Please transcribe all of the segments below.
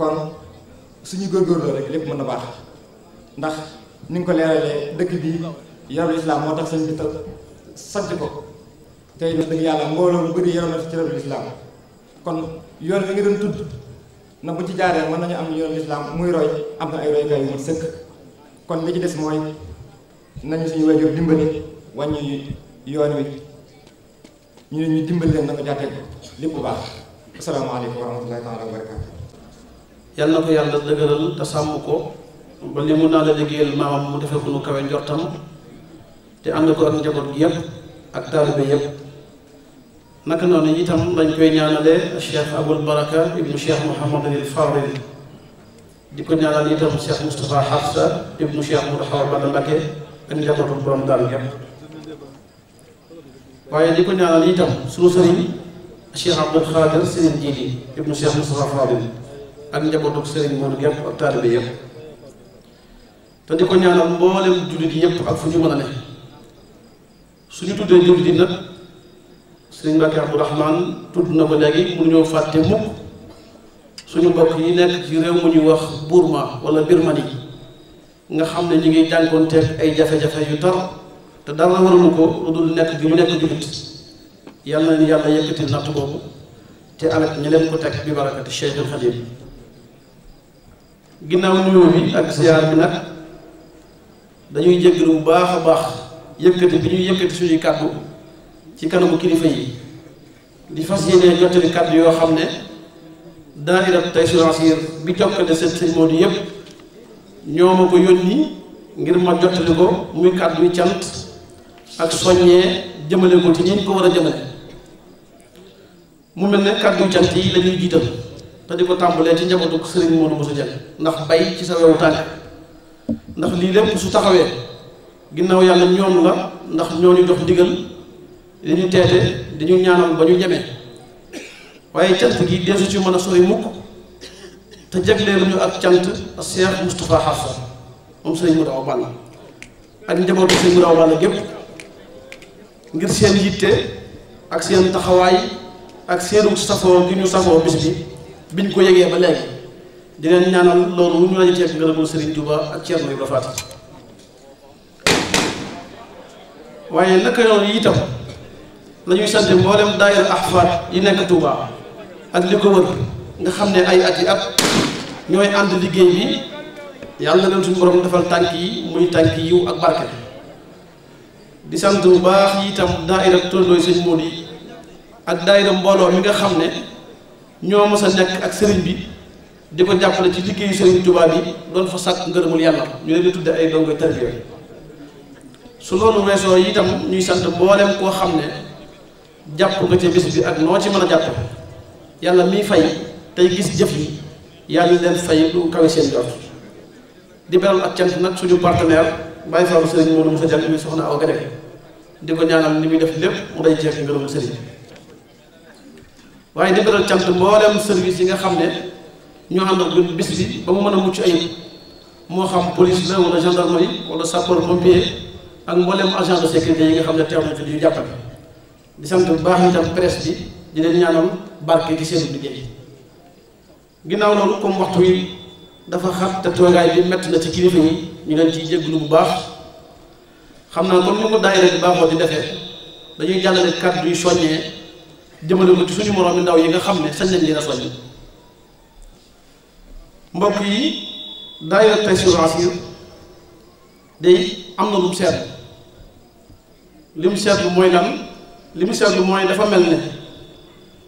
kon suñu góorgóorloo rek lépp mën a baax ndax ni nga ko leeralee dëkk bi yarul islam moo tax sëñ bi tëb ko tey nag dëgg yàlla mbooloo mu bari yaroon na fi ci yarul islam kon yoon wi nga doon tudd na bu ci jaaree mën nañu am yoon lislaam muy am na ay roykaay yu mu kon li ci des mooy nañu suñu wajur dimbali wàññi yoon wi ñu ne ñu dimbali leen na ko jàttee lépp bu baax asalaamaaleykum wa rahmatullahi taala wa barakaatu yal na ko yàlla dëgëral te sàmm ko ba li mun naa la liggéeyal maamam mu defee ko nu kawe njortam te ànd ko ak njaboot gi yépp ak taalibe yépp naka noonu itam lañ koy ñaanale cheikh abul baraka ibnu cheikh mouhamad al fadil di ko ñaanal itam cheikh moustapha hafsa ibnu cheikh moudou xawa bada mbake waaye di ko ñaanal itam sunu sëriñ cheikh abdul xaadir sëriñ jiili ibnu cheikh moustapha fadil ak njabootu sëriñ Mor yëpp ak taalibe yëpp te di ko ñaanal mboolem jullit yëpp ak fu ñu mën a ne suñu tuddee jullit yi nag sëriñ Mbàkke Abdu Rahmaan tudd na ko léegi mu ñoo fàtte mukk suñu mbokk yi nekk ci réew mu ñuy wax Burma wala Birmanie nga xam ne ñu ngi jànkoonteeg ay jafe-jafe yu tar te dara waralu ko lu dul nekk gi ñu nekk jullit yàlla na yàlla yëkkati natt boobu te alak ñi leen ko teg bi barakati Cheikhul Xadim ginnaaw nuyoo bi ak siyaar bi nag dañuy jéggalu bu baax a baax yëkkati bi ñuy yëkkati suñuy kàddu ci kanamu kilifa yi di fas yéene jottali kàddu yoo xam ne daayira Taysiroul Assir bi jokkale seen sëñ Modou yëpp ñoo ma ko yónni ngir ma jottali ko muy kàddu yu cant ak soññee jëmale ko ci ñi ko war a jëmale mu mel ne kàddu yu cant yi la ñuy te di ko tàmbalee ci njabootu sëriñ Modou Moussa Diagne ndax bay ci sa wewu tànk ndax lii lépp su taxawee ginnaaw yàlla ñoom la ndax ñoo ñu jox ndigal dañu teete dañu ñaanal ba ñu ñemee waaye cant gi deesu ci mën a sori mukk te jagleelu ñu ak cant ak Cheikh Moustapha Hafsa moom sëriñ mu daw bàll ak njabootu sëriñ mu daw bàll gépp ngir seen yitte ak seen taxawaay ak seenu safoo gi ñu safoo bis bi biñ ko yegee ba léegi dinañ leen ñaanal loolu ñu lañu teeg ngërëmul Serigne Touba ak Thierno Ibrahima Fati waaye naka noonu itam la ñuy sant mboolem daayira ahfaat yi nekk Touba ak li ko wër nga xam ne ay at yi at ñooy ànd liggéey bi yàlla leen suñu borom defal tànk yi muy tànk yiw ak barke di sant bu baax itam daayira tondooy sëñ Modou yi ak daayira mbooloo mi nga xam ne ñoo mos a nekk ak sëriñ bi di ko jàppale ci liggéeyu sëriñ Tuubaa yi doon fa sàkk ngërëmul yàlla ñu leen di tudde ay dongo tarbiya su loolu weesoo itam ñuy sant mboolem koo xam ne jàpp nga ca bis bi ak noo ci mën a jàpp yàlla miy fay tey gis jëf yi yàlla leen fay lu kawe seen jot di beral ak cant nag suñu partenaire bàyyi faaw sëriñ Modou Moussa Diagne mi soxna aw Gadeg di ko ñaanal ni muy def lépp mu day jeex ngërëmul sëriñ waaye di beral cant mboolem service yi nga xam ne ñoo am ak ñun bis bi ba mu mën a mucc ay moo xam police la wala gendarmerie wala sapeur pompier ak mboolem agent de sécurité yi nga xam ne teew nañ fi di ñu jàppale di sant bu baax itam presse bi di leen ñaanal barke di seen liggéey ginnaaw loolu comme waxtu wi dafa xat te toogaay bi métti na ci kilifa yi ñu leen ciy jégalu bu baax xam naa comme ni ko daayira bi baaxoo di defee dañuy jàllale kàddu yu soññee. jëmale ko ci suñu moroom yi ndaw yi nga xam ne sañ nañ leen a mbokk yi daayira Taysiroul Assir day am na lu mu seetlu li mu seetlu mooy lan li mu seetlu mooy dafa mel ne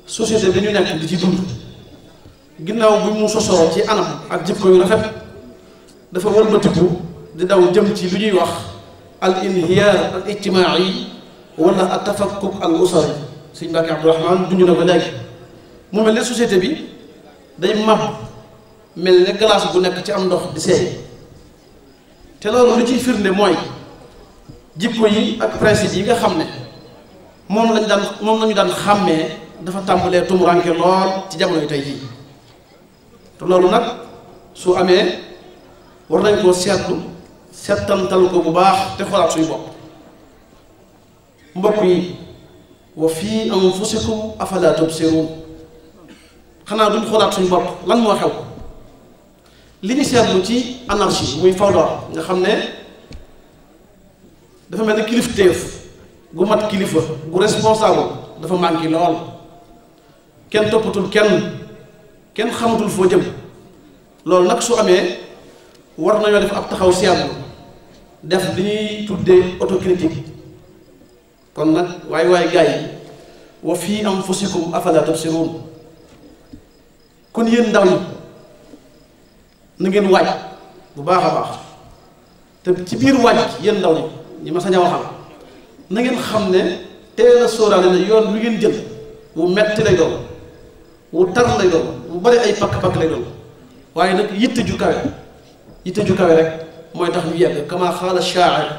société bi ñu nekk di ci dund ginnaaw bi mu sosoo ci anam ak jikko yu rafet dafa wëlbatiku di daw jëm ci lu ñuy wax al inhiyaar al ijtimaai wala at tafakkuk al usari sëñ Mbàkke Abdu Rahmaan dund na ko léegi mu mel ne société bi day mab mel ne glace bu nekk ci am ndox di seey te loolu li ciy firnde mooy jikko yi ak principe yi nga xam ne moom lañ daan moom lañu daan xàmmee dafa tàmbalee tumuranke lool ci jamono tey jii te loolu nag su amee war nañ koo seetlu seetantal ko bu baax te xoolaat suy bopp mbokk yi wa fii anfusikum afalaa tubsiruun xanaa duñ xoolaat suñu bopp lan moo xew li ñu seetlu ci anarchie muy fawda nga xam ne dafa mel ne kilifteef gu mat kilifa gu responsable dafa manqué lool kenn toppatul kenn kenn xamatul foo jëm loolu nag su amee war nañoo def ab taxaw seetlu def li ñuy tuddee autocritique kon nag waay waay gars yi wa fii anfusikum afala tabsiruun kon yéen ndaw ñi na ngeen waaj bu baax a baax te ci biir waaj yéen ndaw ñi ñi ma sañ a waxal na xam ne teel a sóoraale ne yoon lu ngeen jël wu metti lay doon wu tar lay doon wu bari ay pakk-pakk lay doon waaye nag yitte ju kawe yitte ju kawe rek mooy tax ñu yegg kama xaala shaa'ir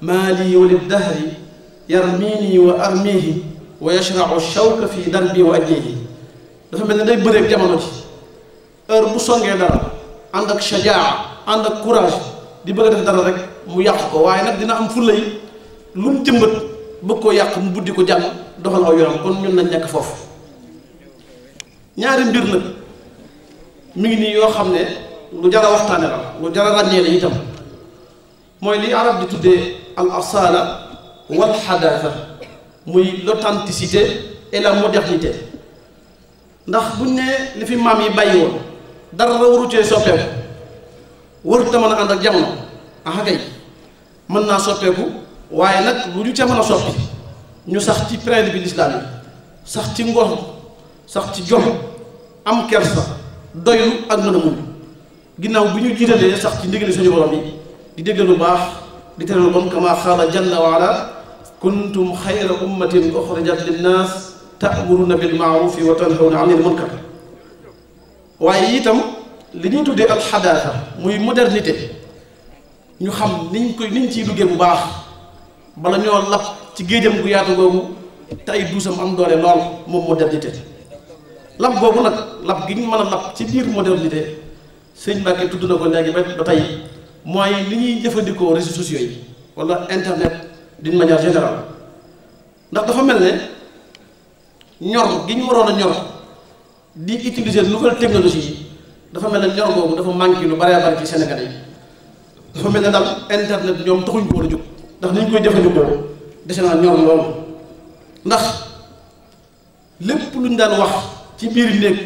maa lii wa lid dahri yarmiini wa armihi wa yashrau shawka fi darbi wa ajlihi dafa mel ne day bëreeg jamono ci heure bu songee dara ànd ak shajaa ànd ak courage di bëgg a def dara rek mu yàq ko waaye nag dina am fulla yi lu mu jëmbat bëgg koo yàq mu buddi ko jàmm doxal aw yoram kon ñun nañ nekk foofu ñaari mbir la mu ngi nii yoo xam ne lu jar waxtaane la lu jar a ràññee la itam mooy li arab di tuddee al wal xadaasa muy l'authenticité et la modernité ndax buñ ne li fi maam yi bàyyi woon dara la waru cee soppeeku warut a mën a ànd ak jamono ah kay mën naa soppeeku waaye nag lu ñu ca mën a soppi ñu sax ci principe bi lislaam yi sax ci ngor sax ci jom am kersa doylu ak mën a muñ ginnaaw bi ñu jiitalee sax ci ndigali suñu borom yi di dégg lu baax di tere lu bon kama xaala jalla wa kuntum xayra ummatin uxrijat linnaas taamuruna bil maarufi wa tanhawna anil munkar waaye itam li ñuy tuddee alxadaasa muy modernité ñu xam niñ koy niñ ciy duggee bu baax bala ñoo lap ci géejam gu yaatu googu te ay duusam am doole lool moom modernité lab boobu nag lap gi ñu mën a lap ci biir modernité sëñ Mbàkke tudd na ko léegi ba ba tey mooy li ñuy jëfandikoo réseaux sociaux yi walla internet d'une manière générale ndax dafa mel ne ñor gi ñu waroon a ñor di utiliser nouvelle technologie yi dafa mel ne ñor boobu dafa manqué lu bare bari ci Sénégal yi dafa mel ne daal internet ñoom taxuñ ko war a ndax ni ñu koy jëfandikoo dese naa ñor loolu ndax lépp lu ñu daan wax ci biir néeg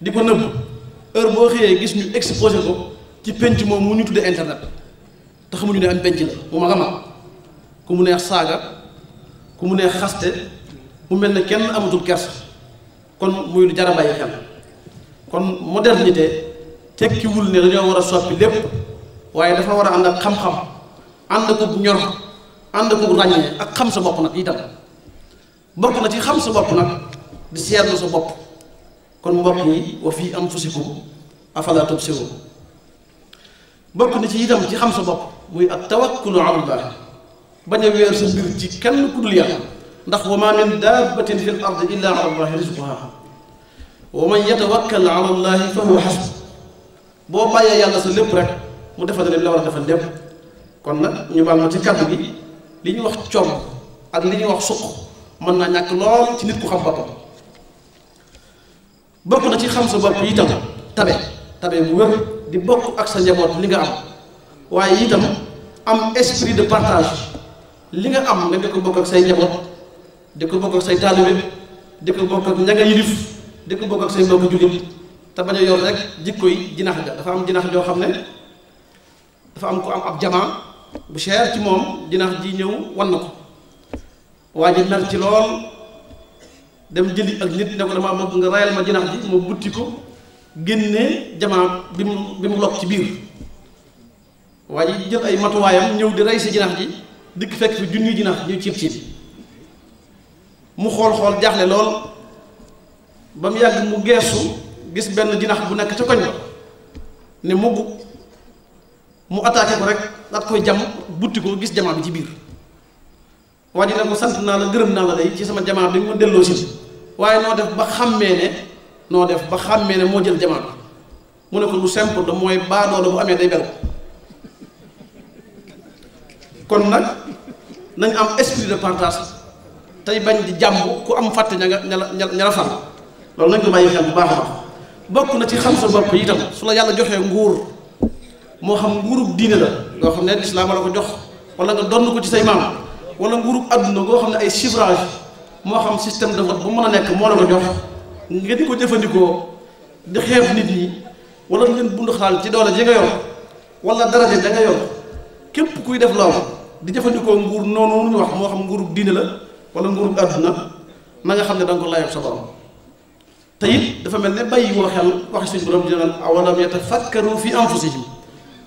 di ko nëbb heure boo xëyee gis ñu exposé ko ci penc moom mu ñu tuddee internet te xamuñu ne am penc la bu ma xam ku mu neex saaga ku mu neex xaste mu mel ne kenn amatul kersa kon muy lu jar a xel kon modernité tekkiwul ne dañoo war a soppi lépp waaye dafa war a ànd ak xam-xam ànd akub ñor ànd akub ràññee ak xam sa bopp nag itam bokk na ci xam sa bopp nag di seetlu sa bopp kon mbokk yi wa fii anfusikum afalaa tubsiruun bokk na ci xam sa bopp muy ak tawakkulu alallah bañ a weer sa mbir ci kenn ku dul yàlla ndax wa maa min daabatin fi l ard illa ala allahi risquha wa man yatawakkal ala allahi boo bàyyee yàlla sa lépp rek mu defal leen la war a defal lépp kon nag ñu baal ma ci kàddu gi li ñuy wax coom ak li ñuy wax suq mën naa ñàkk lool ci nit ku xam boppam bokk na ci xam sa bopp itam tabe tabe bu wér di bokk ak sa njaboot li nga am waaye itam am esprit de partage li nga am nga di ko bokk ak say njaboot di ko bokk ak say taalibe di ko bokk ak ña nga yilif di bokk ak say mbokk jullit te bañ a yor rek jikko yi jinax dafa am jinax joo xam ne dafa am ko am ab jamaa bu cher ci moom jinax ji ñëw wan na ko waa ji mer ci lool dem jëli ak nit ne ko dama bëgg nga rayal ma jinax ji moom butti ko génnee jamaa bi mu bi mu lokk ci biir waa ji jël ay matuwaayam ñëw di rey si jinax ji dikk fekk bi junni jinax ñuy ciib ciib mu xool xool jaaxle lool ba mu yàgg mu geesu gis benn jinax bu nekk ca koñ ba ne mugg mu attaqué ko rek daat koy jam buti ko gis jamaa bi ci biir waa ji ne ko sant naa la gërëm naa ci sama jamaa bi ma delloo si waaye noo def ba xàmmee ne noo def ba xàmmee ne moo jël jamaa bi mu ne ko lu simple da mooy baadoola bu amee day bel kon nag nañ am esprit de partage tey bañ di jàmm ku am fàtte ña nga ña ña la fal loolu nañ ko bàyyi xel bu baax a baax bokk na ci xam sa bopp itam su la yàlla joxee nguur moo xam nguurub diine la yoo xam ne lislaam la ko jox wala nga donn ko ci say maam wala nguurub àdduna goo xam ne ay chiffrage moo xam système de vote bu mën a nekk moo la ko jox nga di ko jëfandikoo di xeeb nit ñi wala leen bunduxaal ci doole ji nga yor wala daraja ja nga yor képp kuy def loolu di jëfandikoo nguur noonu ñu wax moo xam nguurub diine la wala nguur àdduna na nga xam ne da nga ko layob sa borom te dafa mel ne bàyyi woo xel waxi suñ borom dina awalam yatafakkaru fi anfusihim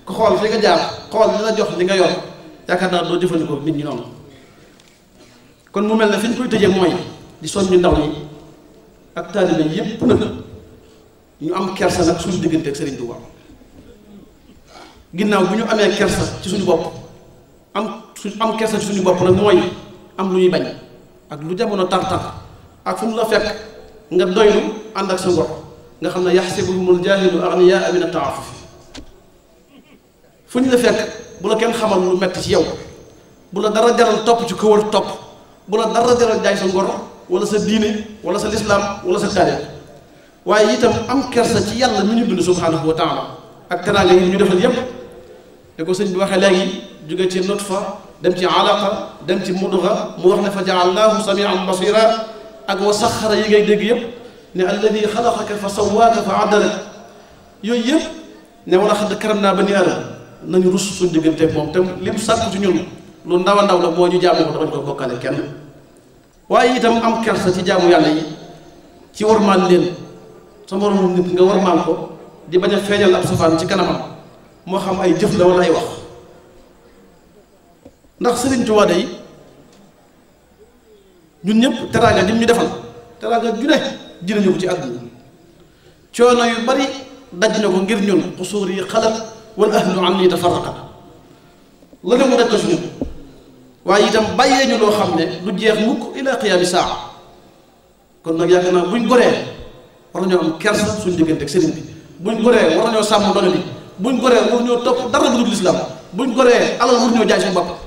ko xool fi nga jaar xool li la jox li nga yor yaakaar naa doo jëfandikoo nit ñi noonu kon mel ne fi ñu koy mooy di soñ ñu ndaw ñi ak taalibe yépp nag ñu am kersa nag suñu diggante ak du Touba ginnaaw bu ñu amee kersa ci suñu bopp suñ am kersa ci suñu bopp nag mooy am lu ñuy bañ ak lu jamono tar-tar ak fu ñu la fekk nga doylu ànd ak sa ngor nga xam ne yaxsibuhumul jaahilu agniyaa min ataafuf fu ñu la fekk bu la kenn xamal lu metti ci yow bu la dara jaral topp ci këwal topp bu la dara jaral jaay sa ngor wala sa diine wala sa lislaam wala sa taarix waaye itam am kersa ci yàlla mi ñu bind subhaanahu wa taala ak teraanga yi ñu defal yépp da ko sëñ bi waxee léegi jóge ci nutfa dem ci alaqa dem ci mudga mu wax ne fa jaalnaahu samian basira ak wa saxara yi ngay dégg yëpp ne alladi xalaqaka fa sawaaka fa adalak yooyu yëpp ne wala xadd karam naa ba ni aadama nañu rus suñ diggante moom te li sàkk ci lu ndaw a ndaw la moo ñu jaamu ko dafa ñu ko bokkale kenn waaye itam am kersa ci jaamu yàlla yi ci warmaal leen sa moromu nit nga warmaal ko di bañ a feeñal ab safaan ci kanamam moo xam ay jëf la wala ay wax ndax Sëriñ Tuubaa day ñun ñëpp teraanga jëm ñu defal teraanga ju ne jëriñu ko ci àdduna coono yu bari daj na ko ngir ñun xusuur yi xalat wal ahlu an nii tafaraqa la ne mu daj ko suñu waaye itam bàyyee ñu loo xam ne du jeex mukk ila qiyaami saa kon nag yaakaar naa buñ goree war nañoo am kersa suñu diggante ak sëriñ bi buñ goree war nañoo sàmm doole bi buñ goree war ñoo topp dara bu dul lislaam buñ goree alal war ñoo jaay suñu bopp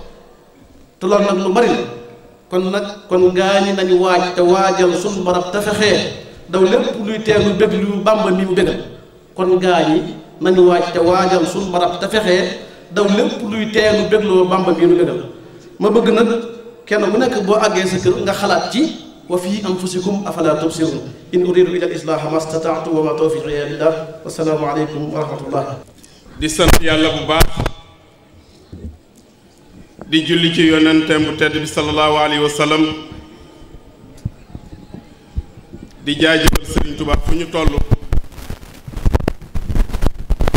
te loolu nag lu bari la kon nag kon gaañi nañu waaj te waajal suñu barab te fexee daw lépp luy teelu bég lu bàmba mi mu bégal kon gaañi nañu waaj te waajal suñu barab te fexee daw lépp luy teelu bégloo bàmba mi nu bégal ma bëgg nag kenn ku nekk boo àggee sa kër nga xalaat ci wa fi anfusikum afala tubsirun in uridu ila al-islaha ma stata'tu wa ma tawfiqi illa billah wa salaamu aleykum wa di sant yàlla bu baax di julli ci yonenteem bu tedd bi sallallahu alayhi wa sallam di jaajëfal Sëriñ Tuubaa fu ñu toll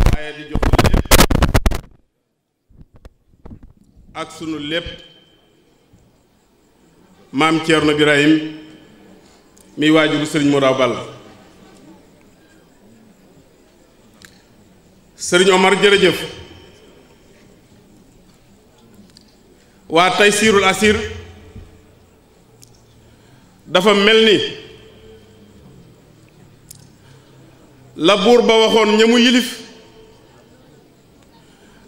waaye di jox lépp ak sunu lépp maam Thierno Birahim mi waajuru Sëriñ Mouraw Balla Sëriñ Omar jërëjëf waa tey Taysirul Asir dafa mel ni la buur ba waxoon ña yilif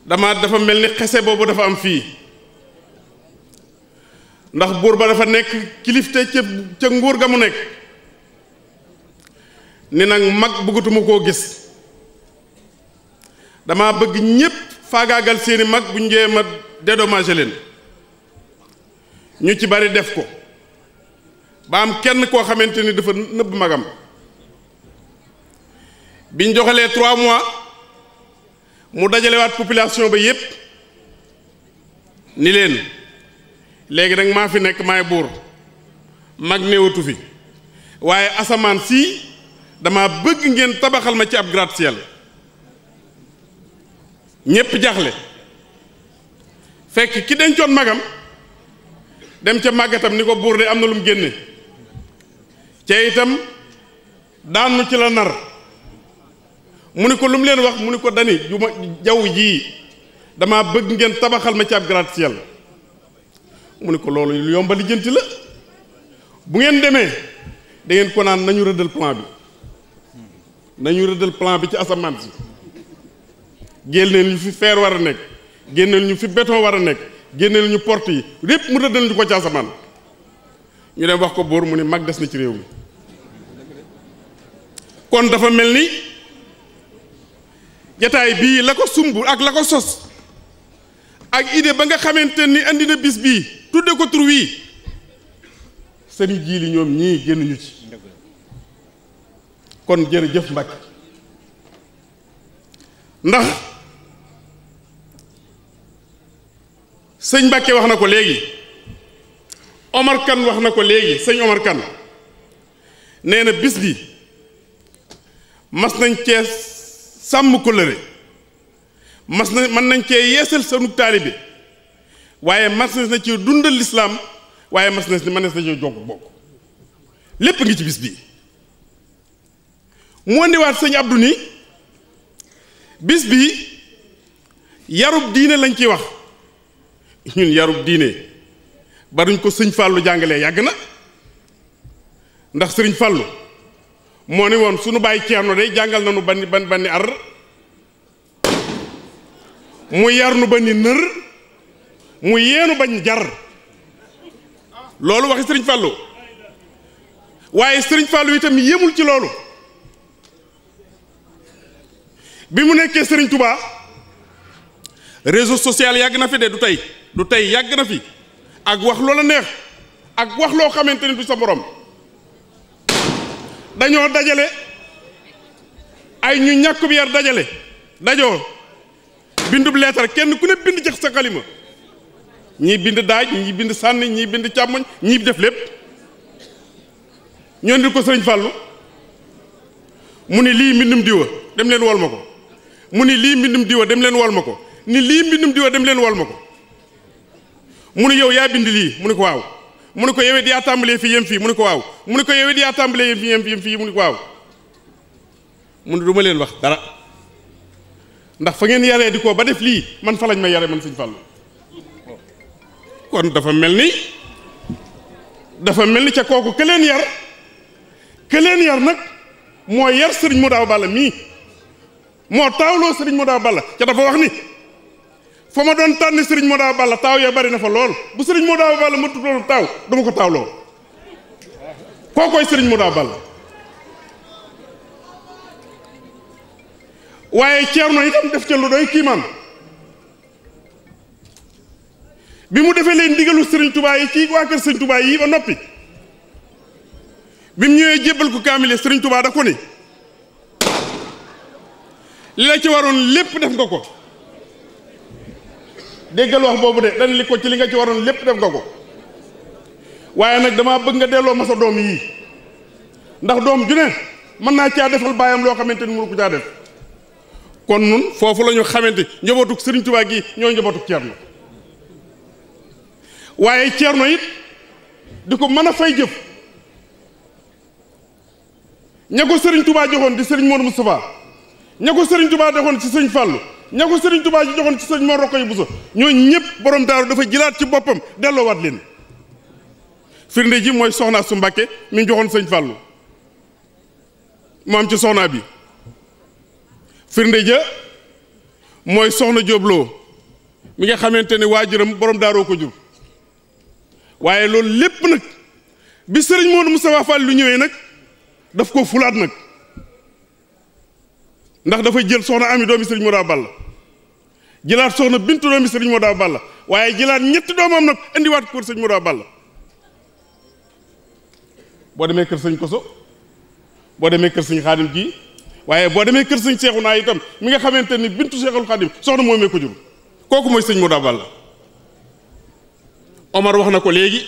dama dafa mel ni xese boobu dafa am fii ndax buur ba dafa nekk kilifte ca nguur ga mu nekk ni nag mag bëggatuma koo gis dama bëgg ñépp faagaagal seeni mag bu njee ma dédommagé leen ñu ci bari def ko ba am kenn koo xamante ni dafa nëbb magam biñ joxalee trois mois mu dajalewaat population ba yépp ni leen léegi nag maa fi nekk maay buur mag néewatu fi waaye asamaan si dama bëgg ngeen tabaxal ma ci ab gratte-ciel ñépp jaxle fekk ki dencoon magam dem ca màggatam ni ko buur de am na lu mu génne ca itam daanu ci la nar mu ni ko lu mu leen wax mu ni ko dani ju ma jaww jii damaa bëgg ngeen tabaxal ma ci ab gratte-ciel mu ni ko loolu lu yomba lijjanti la bu ngeen demee da ngeen ko naan nañu rëddal plan bi nañu rëddal plan bi ci asamaan si génneel ñu fi fer war a nekk génneel ñu fi béton war a nekk génneel ñu port yi lépp mu rëddal ñu ko ci asamaan ñu dem wax ko buur mu ne mag des na ci réew mi kon dafa mel ni jataay bii la ko sumb ak la ko sos ak idée ba nga xamante ni indi na bis bii tudde ko tur wii sëriñ ji li ñoom ñii génnuñu ci kon jërëjëf Mbacke ndax sëñ Mbàkke wax na ko léegi Omar Kan wax na ko léegi sëñ Omar Kan nee na bis bi mas nañ cee sàmm kóllëre mas na mën nañ cee yeesal sunu taalibe waaye mas na ci dundal lislaam waaye mas na si na ci jog bokk lépp ngi ci bis bi mu indiwaat sëñ Abdou ni bis bii yarub diine lañ ciy wax ñun yarub diine baruñ ko sëñ fàllu jàngalee yàgg na ndax sëriñ fàllu moo ni woon suñu bàyyi ceerno day jàngal na nu banni ban banni ar mu yar nu banni nër mu yeenu bañ jar loolu waxi sëriñ fàllu waaye sëriñ fàllu itam yemul ci loolu bi mu nekkee sëriñ tubaa réseau sociale yàgg na fi de du tey du tey yàgg na fi ak wax loola neex ak wax loo xamante ni du sa borom dañoo dajale ay ñu ñàkkub yar dajale dajoo bindub leetar kenn ku ne bind jax sa xalima ñii bind daaj ñii bind sànni ñii bind càmmoñ ñii def lépp ñoo di ko sëriñ Fàllu mu ni lii mbindum diwa dem leen wol ma ko mu ni lii mbindum diwa dem leen wol ma ko ni lii mbindum diwa dem leen wol ma ko mu yow yaa bind lii mu ne ko waaw mu ne ko yowet yaa tàmbalee fii yem fii mu ne ko waaw mu ne ko yowet yaa tàmbalee yem fii yem fii yem fii mu ne ko leen wax dara ndax fa ngeen yaree di ko ba def lii man fa lañ ma yare man sëñ Fallu kon dafa mel ni dafa mel ni ca kooku ke yar ke leen yar nag moo yar sëriñ mu daaw balla mii moo taawloo sëriñ mu daaw balla ca dafa wax ni fa ma doon tànn sëriñ moo daa balla taaw ya bari na fa lool bu sëriñ moo daa balla ma tudd loolu taaw dama ko taaw lool kookoy sëriñ moo daa balla waaye ceerno itam def ca lu doy kiimaan bi mu defee leen ndigalu sëriñ tubaa yi ci waa kër sëriñ tubaa yi ba noppi bi mu ñëwee jébbal ko kaamile sëriñ tubaa da ko ni li la ci waroon lépp def nga ko déggal wax boobu de dañ li ko ci li nga ci waroon lépp def nga ko waaye nag damaa bëgg nga delloo ma sa doom yii ndax doom ju ne mën naa caa defal baayam loo xamante ni mënu ko caa def kon nun foofu lañu xamante njabootu Sëriñ tubaa gi ñoo njabootu Ceerno waaye Ceerno it di ko mën a fay jëf ña ko Sëriñ Tuubaa joxoon di Sëriñ Moodu Mustafaa ña ko Sëriñ Tuubaa joxoon ci Sëriñ Fàllu ña ko sëriñ Tuubaa ji joxoon ci sëriñ Mor bu Bousso ñooñ ñëpp borom daaru dafa jëlaat ci boppam delloowaat leen firnde ji mooy soxna su Mbàkke mi joxoon sëñ Fàllu mu am ci soxnaa bi firnde ja mooy soxna jóobloo mi nga xamante ne waajuram borom daaroo ko jur waaye loolu lépp nag bi sëriñ Moodu Mustafaa Fall lu ñëwee nag daf ko fulaat nag ndax dafay jël soxna ami doomi sëriñ Modu Balla jëlaat soxna bintu doomi sëriñ Modu Balla waaye jëlaat ñetti doomam nag indiwaat ko kër sëñ Modu Balla boo demee kër sëñ Koso boo demee kër sëñ Xaadim gii waaye boo demee kër sëñ Seexuna itam mi nga xamante ni bintu Seexul Xaadim soxna moomee ko jur kooku mooy sëñ Modu Balla Omar wax na ko léegi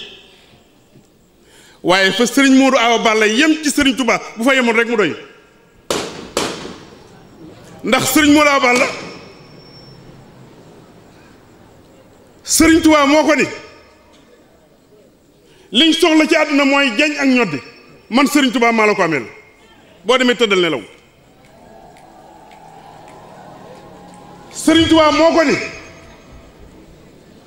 waaye fa sëriñ Modu Awa Balla yem ci sëriñ Tuubaa bu fa yemoon rek mu doy ndax sëriñ Moulaa moo ko ni liñ soxla ci àdduna mooy jañ ak ñoddi man sëriñ Tuubaa maa la ko ameel boo demee tëddal nelaw sëriñ Tuubaa moo ko ni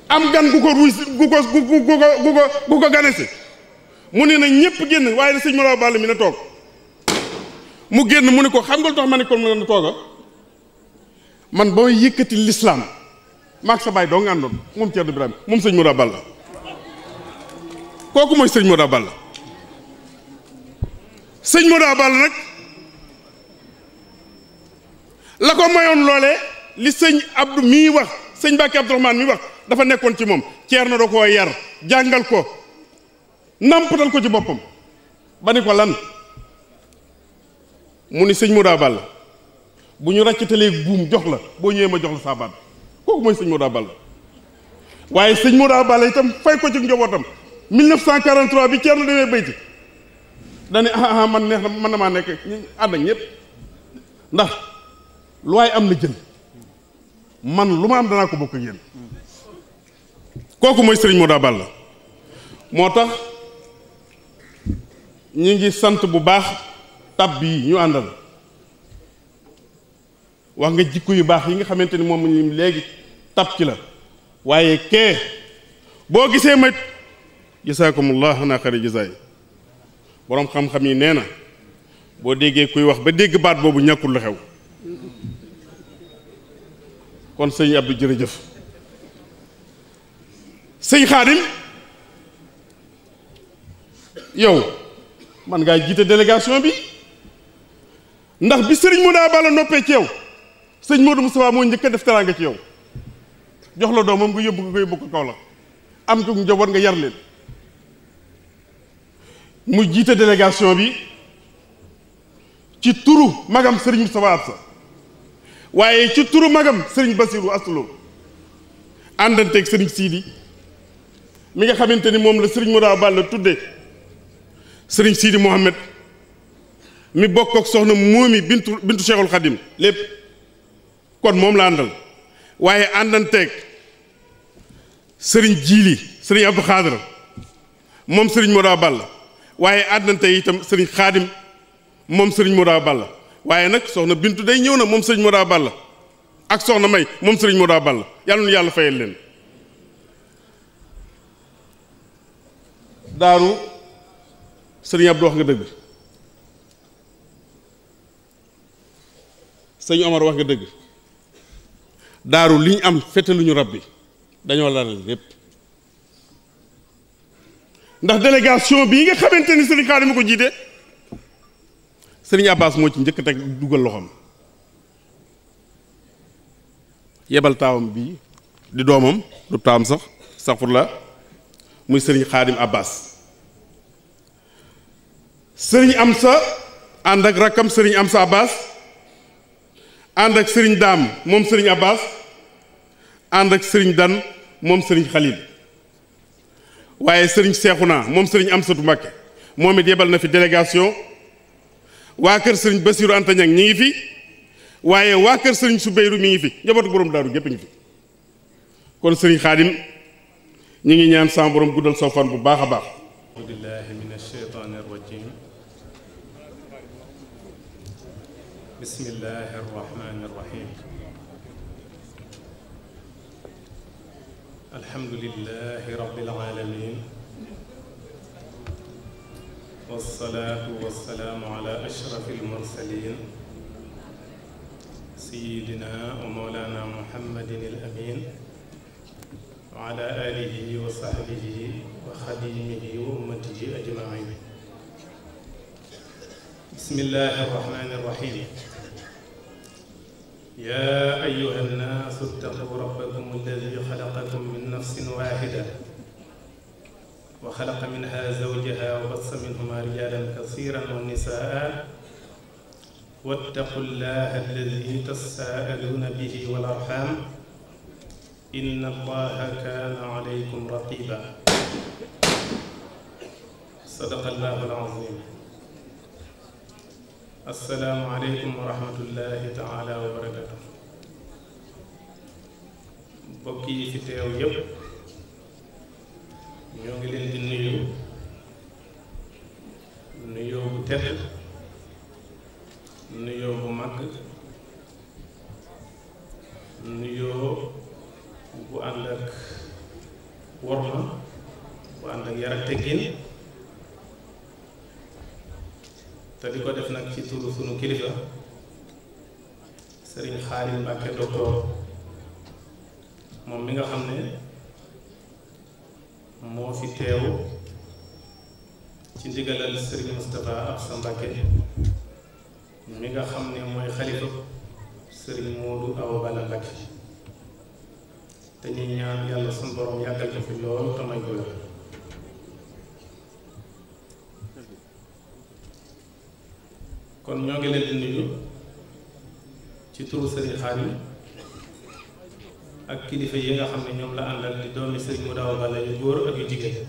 am gan gu ko ruus gu ko gu ko gu ko gu ko ganesi mu ne na ñëpp génn waaye na sëñ Moulaa Balla mi na toog mu génn mu ne ko xam nga lu tax ma ne kon mu ne na tooga man ba may yëkkati lislaam maag sa baay doo nga àndoon moom Thierno Ibrahima moom sëñ Modou Aballa kooku mooy sëñ Modou Aballa sëñ Modou Aballa nag la ko mayoon loolee li sëñ Abdou mii wax sëñ Bakki Abdourahmane mii wax dafa nekkoon ci moom Thierno da koo yar jàngal ko nampatal ko ci boppam ba ni ko lan mu ni sëñ Modou Aballa bu ñu ràccatalee buum jox la boo ñëwee ma jox la saabaat kooku mooy sëñ Moda Balla waaye sëñ Moda Balla itam fay ko ci njabootam 1943 bi Thierno demee bayti dane ah ah man neex na man na maa nekk ànd ñëpp ndax lu am na jël man lu ma am bokk ak yéen kooku mooy sëriñ Moda moo tax ñi ngi sant bu baax tab bii ñu àndal wax nga jikko yu baax yi nga xamante ni moom lim léegi tab ci la waaye kee boo gisee ma jazaakumullah xanaa xari jazaay boroom xam-xam yi nee na boo déggee kuy wax ba dégg baat boobu ñàkkul lu xew kon sëñ Abdou jërëjëf sëñ Xaadim yow man ngaa jiite délégation bi ndax bi sëriñ mu daa bala noppee ci yow sëñ Modou Moustapha moo njëkk a def teraanga ci yow jox la doomam nga yóbbu nga yóbbu ko kaw la am ko njaboot nga yar leen mu jiite délégation bi ci turu magam sëriñ Moustapha Absa waaye ci turu magam sëriñ Basiru Aslo àndanteeg sëriñ Sidi mi nga xamante ni moom la sëriñ Moda Balla tudde sëriñ Sidi Mohamed mi bokk ak soxna moomi bintu bintu Cheikhul Khadim lépp kon moom la àndal waaye àndanteeg sëriñ Jiili sëriñ Abdou Khadra moom sëriñ Moda Balla waaye àndante itam sëriñ Xaadim moom sëriñ Moda Balla waaye nag soxna Bintu day ñëw na moom sëriñ Moda Balla ak soxna May moom sëriñ Moda Balla yàlla na yàlla fayal leen. daaru sëriñ Abdou wax nga dëgg sëriñ Omar wax nga dëgg. daaru li ñu am fetaluñu rab bi dañoo laral lépp ndax délégation bii nga xamante ni sëriñ Xaadim ko jiite sëriñ Abbas moo ci njëkk teg dugal loxoom yebal taawam bi di doomam du taawam sax safur la muy sëriñ Xaadim Abbas sëriñ am sa ànd ak rakkam sëriñ sa Abbas ànd ak sëriñ daam moom sëriñ abbas ànd ak sëriñ dan moom sëriñ xalil waaye sëriñ naa moom sëriñ amsatu mbàkke moom it yebal na fi délégation waa kër sëriñ basiru antañang ñi ngi fi waaye waa kër sëriñ subeyru mi ngi fi njabootu borom daaru gépp ngi fi kon sëriñ xaadim ñi ngi ñaan sama borom guddal soo bu baax a baax billahi min ashaytaani alhamdulilahi rabbil alamin wasalaatu wasalaamu ala ashrafil mursalin sayyidina wa mawlana muhammadin al amin wa ala alihi wa sahbihi wa xadimihi wa ummatihi ajmain bismillahi arrahmani arrahim يا أيها الناس اتقوا ربكم الذي خلقكم من نفس واحدة وخلق منها زوجها وبص منهما رجالا كثيرا والنساء واتقوا الله الذي تساءلون به والأرحام إن الله كان عليكم رقيبا صدق الله العظيم asalaamualeykum wa rahmatullahi taala wa barakatu mbokk yi fi teew yépp ñoo ngi leen di nuyu nuyoo bu tedd nuyoo bu màgg nuyoo bu ànd ak worma bu ànd ak yar ak teggin te di ko def nag ci turu sunu kilifa sëriñ Xaadim Mbàkke docteur moom mi nga xam ne moo fi teew ci ndigalal sëriñ Moustapha ak sa Mbàkke mi nga xam ne mooy xalifa sëriñ Moodu Awa Balla Mbàkke te ñuy ñaan yàlla sunu borom yàggal ko fi loolu tamay ko kon ñoo ngi leen di nuyu ci turu Serigne ak kilifa yi nga xam ne ñoom la àndal di doomi Serigne Moudou Balla yu góor ak jigéen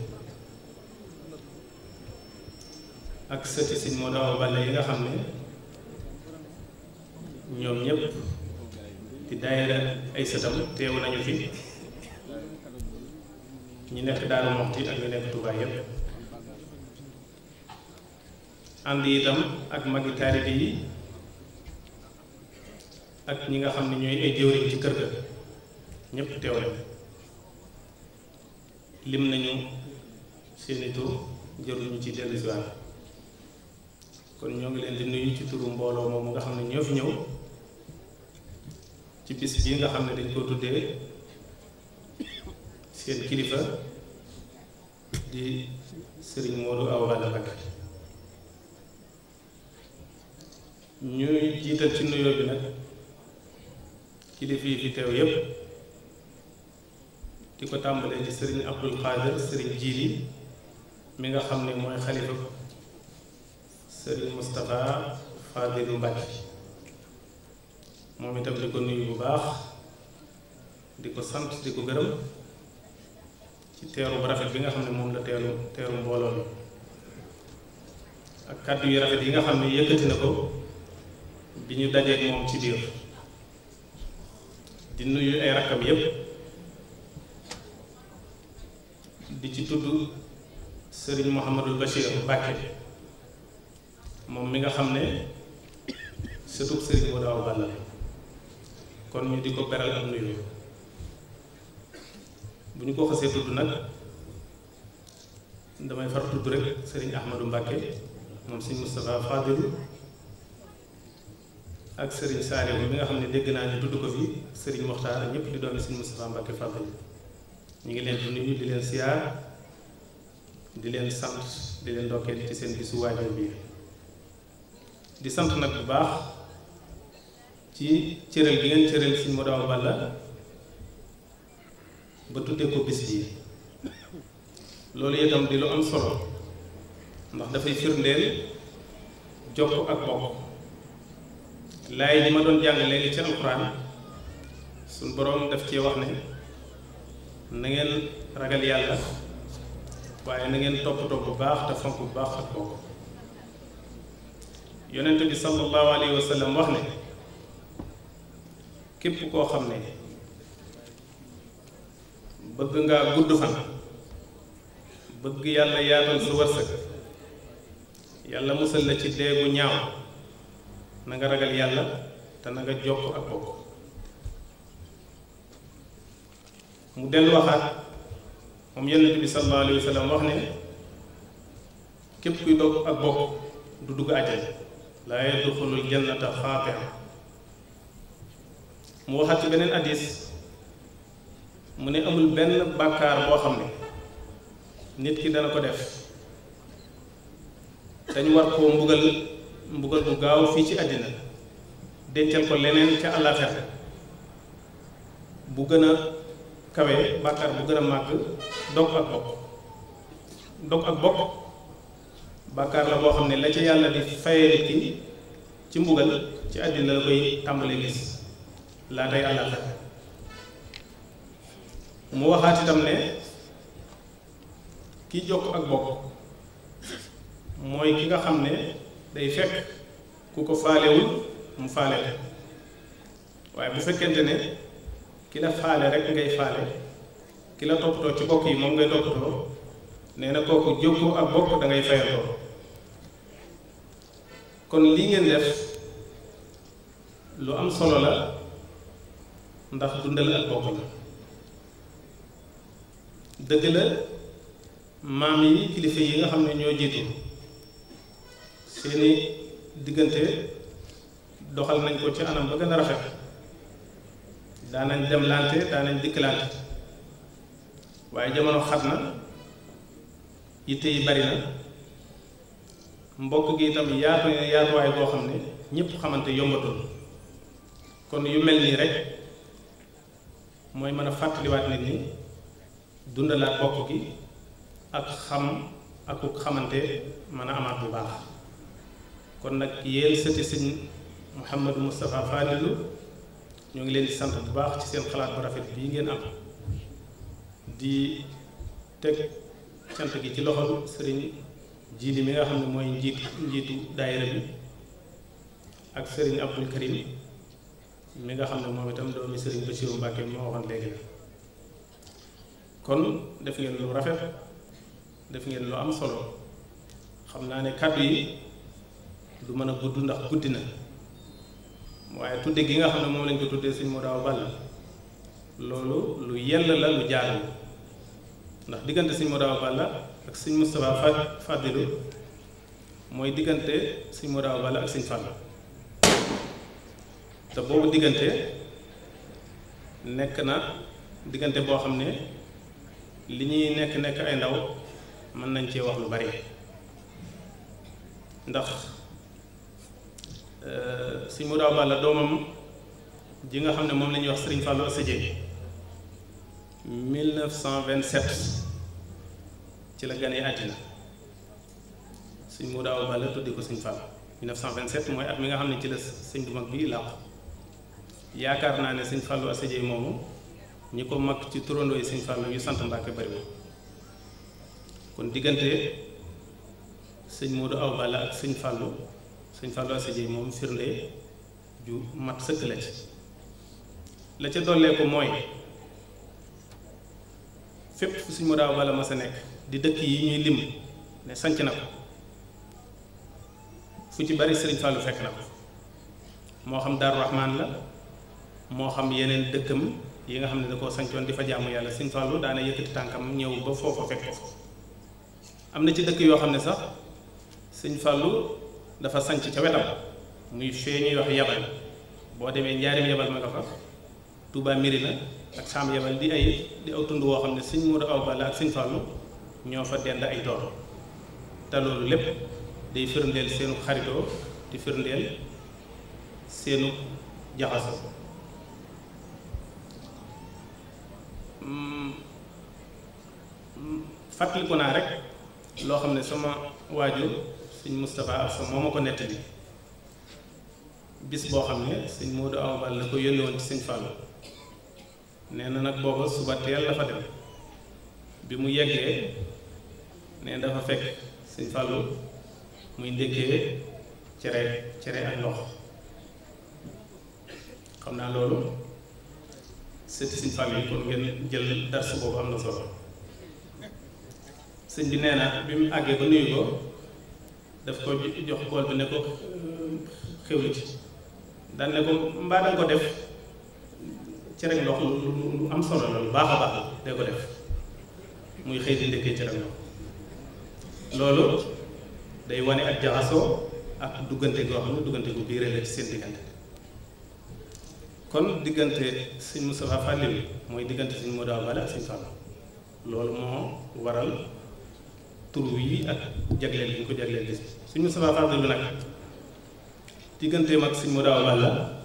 ak sëti Serigne yi nga xam ne ñoom ñëpp di daayira ay sëtam teew nañu fi ñi nekk Daaru Muxti ak ñu nekk Touba yëpp. ànd itam ak magi taalibe yi ak ñi nga xam ne ñooy ay jëwriñ ci kër ga ñépp teew lim nañu seeni tur jëruñu ci dellu kon ñoo ngi leen di nuyu ci turu mbooloo moom nga xam ne ñoo fi ñëw ci bis bii nga xam ne dañ ko tuddee seen kilifa di sëriñ Modou Awa Balla Mbacké ñuy jiital ci nuyoo bi nag kilifa yi fi teew yépp di ko tàmbalee ci sëriñ Abdul Xaadir sëriñ Jiili mi nga xam ne mooy xalifa sëriñ Moustapha Fadilu Mbàcke moom itam di ko nuyu bu baax di ko sant di ko gërëm ci teeru bu rafet bi nga xam ne moom la teeru teeru mbooloo bi ak kàddu yu rafet yi nga xam ne yëkkati na ko bi ñu dajeeg moom ci biir di nuyu ay rakkam yépp di ci tudd sëriñ Mouhamadul Bachir Mbacke moom mi nga xam ne sëtub sëriñ bu daaw bàll kon ñu di ko beral ak nuyu bu ñu ko xasee tudd nag damay far tudd rek sëriñ Ahmadou Mbacke moom sëriñ Moustapha Fadilou ak sëriñ Saliou bi nga xam ne dégg naa ni tudd ko fi sëriñ Moxtaar ak ñëpp di doomi sëriñ Moustapha Mbacké ñu ngi leen di nuyu di leen siyaar di leen sant di leen ndokkeel ci seen bisu waajal bi di sant nag bu baax ci cëral bi ngeen cëral sëriñ Modou Awa Balla ba tuddee ko bis bii loolu itam di lu am solo ndax dafay firndeel jokk ak bokk laay ji ma doon jàng léegi ci alxuraan suñ boroom def ci wax ne na ngeen ragal yàlla waaye na ngeen toppatoo bu baax te fonk bu baax ak kooku yonent bi sallallahu alayhi wa sallam wax ne képp koo xam ne bëgg ngaa gudd fan bëgg yàlla yaatal sa wërsëg yàlla musal la ci dee bu ñaaw na nga ragal yàlla te na nga jokk ak bokk mu dellu waxaat moom yonent bi sallallahu alayhi wax ne képp kuy dog ak bokk du dugg àjjana laa yadxulul jannata xaatia mu waxaat ci beneen addis mu ne amul benn bàkkaar boo xam ne nit ki dana ko def dañu war koo mbugal mbugal mu gaaw fii ci àddina dencal ko leneen ca àllaaxira bu gën a kawe bàkkaar bu gën a màgg dog ak bokk dog ak bokk bàkkaar la boo xam ne la ca yàlla di fayee nit ki ci mbugal ci àddina la koy tàmbalee gis laa tey àllaaxira mu waxaat itam ne ki jokk ak bokk mooy ki nga xam ne day fekk ku ko faalewul mu faale la waaye bu fekkente ne ki la faale rek ngay faale ki la toppatoo ci bokk yi moom ngay toppatoo nee na kooku jokkoo ak bokk da ngay kon lii ngeen def lu am solo la ndax dundal ak bokk la dëgg la maam yi kilifa yi nga xam ne ñoo jiitu seeni diggante doxal nañ ko ci anam ba gën a rafet daanañ demlante daanañ dikkalante waaye jamono xat na yitte yi bari na mbokk gi itam yaatu yaatuwaay boo xam ne ñëpp xamante yombatul kon yu mel nii rek mooy mën a fàttaliwaat nit ñi dundalaat bokk gi ak xam ak xamante mën a amaat bu baax kon nag yéen sëti sëñ Mouhamadou Moustapha Fadilu ñoo ngi leen di sant bu baax ci seen xalaat bu rafet bii ngeen am di teg cant gi ci loxol sëriñ jiili mi nga xam ne mooy njiit njiitu daayira bi ak sëriñ Abdul Karim mi nga xam ne moom itam doomi sëriñ Bassirou Mbacke bi ma waxoon léegi la kon def ngeen lu rafet def ngeen lu am solo xam naa ne kàddu yi du mën a gudd ndax guddi na waaye tudde gi nga xam ne moom lañ ko tuddee sëñ Modou Awa Balla loolu lu yell la lu jaarul ndax diggante sëñ Modou Awa Balla ak sëñ Moustapha mooy diggante sëñ Modou sëñ Fall te boobu diggante nekk na diggante boo xam ne li ñuy nekk nekk ay ndaw mën nañ cee wax lu bari ndax Euh, sëñ Modou Awa Balla doomam ji nga xam ne moom la ñuy wax Serigne cent vingt 1927 ci la ganee àddina sëñ Modou Awa Balla tudde ko siñ sëñ vingt 1927 mooy at mi nga xam ne ci la sëñ bu mag bii làqu yaakaar naa ne sëñ Fallou Sédié moomu ñi ko mag ci turandoo siñ sëñ Fallou yu sant Mbàkke bari ma kon diggante sëñ Modou Awa Balla ak sëñ Fallou sëñ Fallou Assou Dieye moom firnde ju mat sëkk la ci la ca dollee ko mooy fépp fu suñ mu daaw bala ma sa nekk di dëkk yi ñuy lim ne sanc na ko fu ci bari sëriñ Fallou fekk na ko moo xam Daaru Rahman la moo xam yeneen dëkkam yi nga xam ne da koo sancoon di fa jaamu yàlla sëñ Fallou daana yëkkati tànkam ñëw ba foofa fekk ko am na ci dëkk yoo xam ne sax sëñ Fallou dafa sanc ca wetam muy fee ñuy wax yabal boo demee njaarim yabal ma nga fa Touba Mérina ak Saam yabal di ay di aw tund woo xam ne sëñ Moodu Awa Balla ak sëñ Fallu ñoo fa dend ay dooro te loolu lépp day firndeel seenu xaritoo di firndeel seenu jaxasoo hmm, hmm, fàttaliku naa rek loo xam ne sama waajur sëñ Moustapha Absa moo ma ko nettali bis boo xam ne sëñ Modou Awa Balla la ko yónnee woon ci sëñ Fallou nee na nag booba suba teel la dem bi mu yeggee nee dafa fekk sëñ Fallou muy ndékkee cere cere ak ndox xam naa loolu sëti sëñ Fallou yi kon ngeen jël dars boobu am na solo sëñ bi nee na bi mu àggee ba nuyu ko def ko jox kool bi ne ko xewlu ci daan ne ko mbaa danga ko def cere ak ndox lu am solo la baax a baax la day ko def muy xëy di ndekkee cere ndox loolu day wane ak jaxasoo ak duggante goo xam ne duggante gu biiree la ci seen diggante kon diggante sëñ Moustapha Fallil mooy diggante sëñ mu Abale ak sëñ Fallou loolu moo waral tur yi ak jagleel bi ko jagleel bis bi suñ Moustapha Fadil bi nag digganteem ak suñ Modou Awa Balla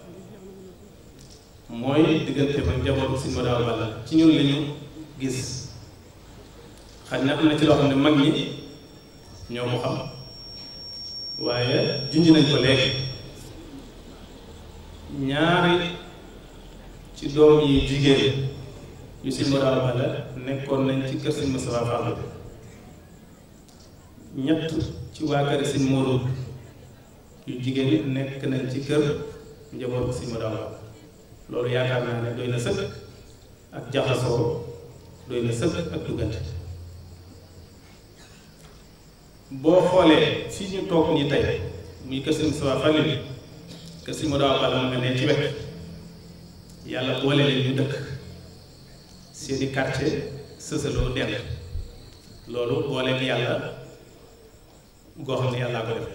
mooy digganteem ak njabootu suñ Modou Awa Balla ci ñun li ñu gis xaj na am na ci loo xam ne mag ñi ñoo mu xam waaye junj nañ ko léegi ñaari ci doom yi jigéen yu suñ Modou Awa Balla nekkoon nañ ci kër suñ Moustapha Fadil ñett ci waa kër Sëñ Moodu yu jigéen it nekk nañ ci kër njaboot Sëñ Moodu Awa loolu yaakaar naa ne doy na sëkk ak jaxasoo doy na sëkk ak duggante boo xoolee fi ñu toog nii tey muy kër Sëñ Sawa Fallil kër Sëñ Moodu Awa Balla nga ne ci wet yàlla boole leen ñu dëkk seeni quartier sësaloo dell loolu boole yàlla goo xam yàllaa ko def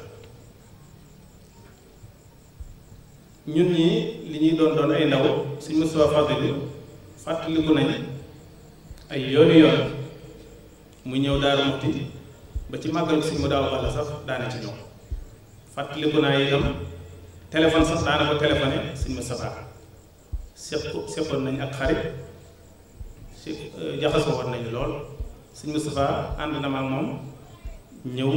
ñun ñii li ñuy doon doon ay ndaw suñ Moustapha Fadilou fàttaliku nañ ay yooni yoon mu ñëw Daaru Muxti ba ci màggal suñ mu daaw walla sax daane ci ñoom fàttaliku naa itam téléphone sax daana ko téléphoné suñ Moustapha seq seqoon nañ ak xarit euh, jaxasoo woon nañu lool suñ Moustapha ànd na ma moom ñëw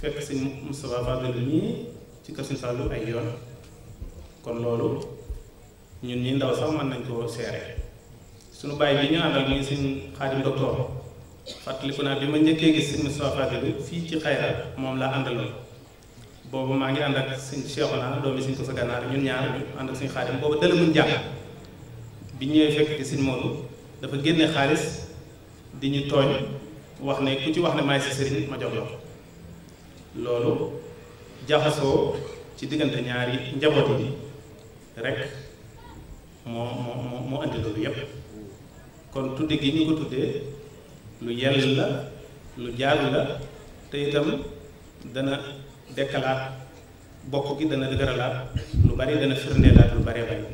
fekk sëñ Moustapha nii ci kër sëñ Saliou nii yoon kon loolu ñun ñi ndaw sax mën nañ koo seere suñu bàyyi bi ñu àndal muy si Xaadim docteur fàttaliku naa bi ma njëkkee gis sëñ Moustapha Fadel fii ci xayra moom laa àndaloon boobu maa ngi ànd ak sëñ Cheikhouna doomi ko sa gànnaar ñun ñaar ñu ànd ak sëñ Xaadim boobu dala mun jàpp bi ñëwee fekk ci sëñ Modou dafa génne xaalis di ñu tooñ wax ne ku ci wax ne maay sa sëriñ ma jox jox loolu jaxasoo ci diggante ñaari njaboot yi rek moo moo moo andi loolu yépp kon tudde gi ñu ko tuddee lu yell la lu jaadu la te itam dana dekkalaat bokk gi dana dëgëralaat lu bari dana firndeelaat lu baree bari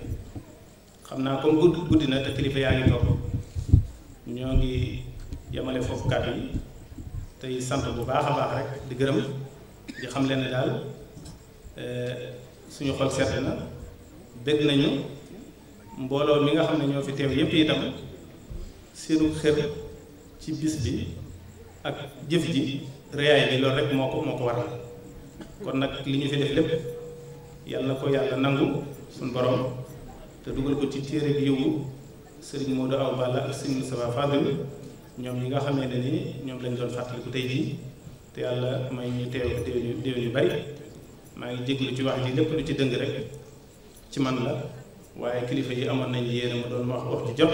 xam naa kon gudd guddi na te kilifa yaa ngi toog ñoo ngi yemale foofu kàddu yi tey sant bu baax a baax rek di gërëm di xam leen ne daal euh, suñu xol sedd na bëgg nañu mbooloo mi nga xam ne ñoo fi teew yépp itam seenu xër ci bis bi ak jëf ji réyaay bi loolu rek moo ko moo ko waral kon nag li ñu fi def lépp yàlla na ko yàlla nangu suñu borom te dugal ko ci téere bi yóbbu sëriñ Modou Awa Balla ak sëriñ Moustapha Fadil ñoom ñi nga xamante ni ñoom lañ doon fàttaliku tey jii te yàlla may teew déwén déwén yu bari maa ngi jéglu ci wax ji lépp lu ci dëng rek ci man la waaye kilifa yi amoon nañu yéene ma doon wax wax ju jot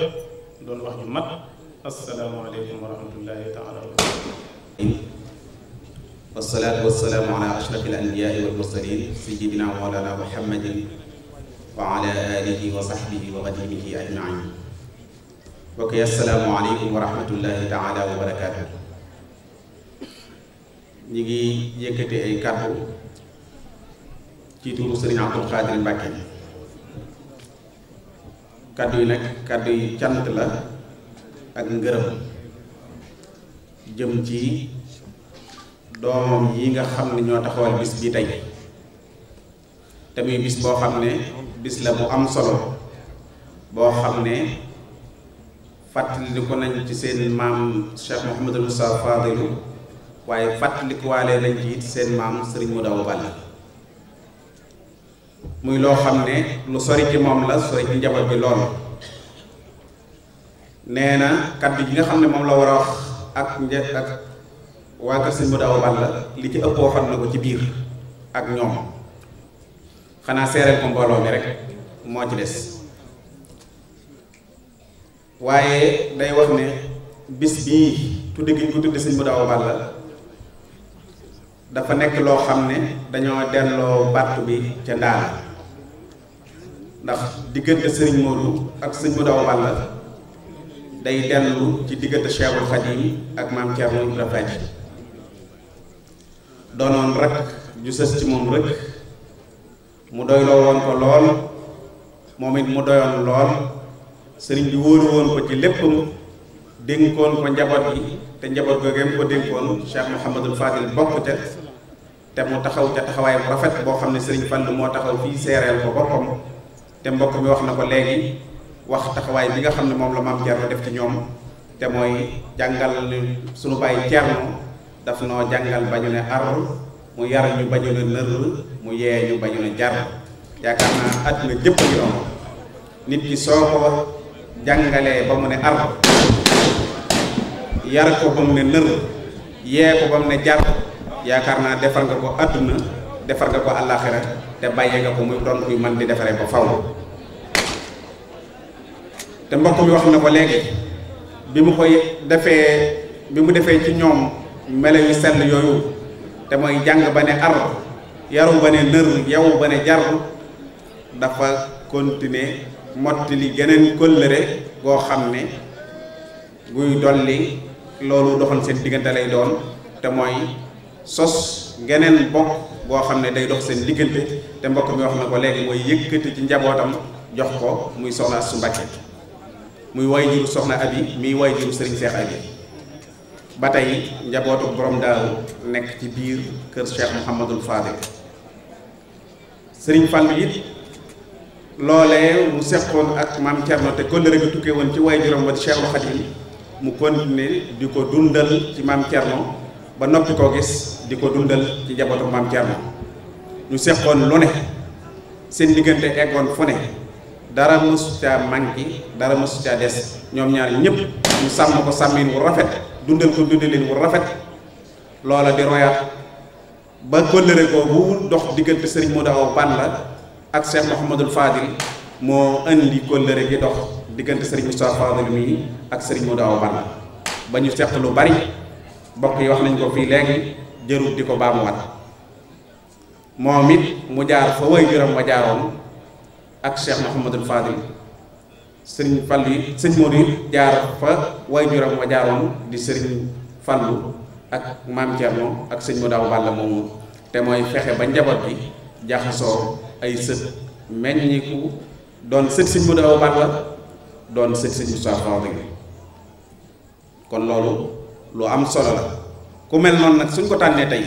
doon wax ju mat asalaamaaleykum wa rahmatullahi wa barakatuh wasalaatu wasalaamu ala ashraf al anbiyaai wal mursalin sayidina wa mawlana muhammadin wa ala alihi wa sahbihi wa xadimihi ajmain mbokk yi asalaamaaleykum wa rahmatullahi taala ñi ngi yëkkati ay kàddu ci turu sëriñ Abdul kàddu yi nag kàddu yi cant la ak ngërëm jëm ci doomam yi nga xam ne ñoo taxawal bis bi tey te muy bis boo xam ne bis la bu am solo boo xam ne fàttali ko nañ ci seen maam Cheikh Mouhamadul Moustapha Fadilu waaye fàttalikuwaale nañ ci it seen maam Serigne Modou Balla muy loo xam ne lu sori ci moom la sori ci njaboot bi lool nee na kaddu gi nga xam ne moom la war a wax ak nje ak waa kër Serigne Modou Balla li ci ëpp waxoon na ko ci biir ak ñoom xanaa seereel ko mbooloo mi rek moo ci des. waaye day wax ne bis bii tudde gi ñu ko tudde bu daaw Balla dafa nekk loo xam ne dañoo delloo bàtt bi ca ndaala ndax diggante sëriñ Modou ak sëñ bu daaw Balla day dellu ci diggante Cheikhul Khadim ak maam Thierno Ibrahima Faty doonoon rek ju ci moom rek mu doyloo woon ko lool moom it mu doyoon lool sëriñ bi wóoru woon ko ci léppam dénkoon ko njaboot gi te njaboot googu mu ko dénkoon Cheikh Mouhamadul Fadil bokk ca te mu taxaw ca taxawaay bu rafet boo xam ne sëriñ Fallu moo taxaw fii seereel ko boppam te mbokk mi wax na ko léegi wax taxawaay bi nga xam ne moom la maam Thierno def ci ñoom te mooy jàngal suñu bàyyi Thierno daf noo jàngal ba ne ar mu yar ñu ba ñu ne nër mu yee ñu ba ñu ne jar yaakaar naa at na jëpp ngi nit ki soo ko jàngale ba mu ne ar yar ko ba mu ne nër yee ko ba mu ne jar yaakaar naa defar nga ko àdduna defar nga ko àllaaxira te bàyyee nga ko muy doon kuy mën di defaree ba faw te mbokk mi wax na ko lekk bi mu koy defee bi mu defee ci ñoom melo yu sell yooyu te mooy jàng ba ne ar yaru ba ne nër yow ba ne jar dafa kontine li geneen kóllëre goo xam ne guy dolli loolu doxoon seen diggante lay doon te mooy sos geneen bokk goo xam ne day dox seen diggante te mbokk mi wax na ko léegi mooy yëkkati ci njabootam jox ko muy soxna su Mbàkke muy way juru soxna yi muy way juru sëriñ Seex yi ba tey njabootu borom daaru nekk ci biir kër Cheikh Mouhamadul Fadil sëriñ Fallu it loolee mu seqoon ak maam Thierno te kóllëre ga tukkee woon ci way juróom wa Cheikhul Khadim mu continuer di ko dundal ci maam Thierno ba noppi koo gis di ko dundal ci njabootu maam Thierno ñu seqoon lu ne seen diggante eggoon fu ne dara mësu caa manqué dara mësu caa des ñoom ñaar ñëpp ñu sàmm ko sàmmin wu rafet dundal ko dundalin wu rafet loola di royaat ba kóllëre googu dox diggante mu Modou Awa la ak Cheikh Mouhamadul Fadil moo indi kóllëre gi dox diggante Serigne Moustapha Fadil mii ak Serigne Modou Awa Balla ba ñu seq lu bari mbokk yi wax nañ ko fii léegi jërut di ko baamuwaat moom it mu jaar fa way juram wa jaaroon ak Cheikh Mouhamadul fa way juram wa jaaroon di Serigne Fallu ak maam Thierno ak Serigne Modou Awa Balla moomu te mooy fexe ba njaboot bi jaxasoo. ay sët meññiku doon sët sëñ Modou Awa Balla doon sët sëñ Moustapha Fadil kon loolu lu am solo la ku mel noonu nag suñ ko tànnee tey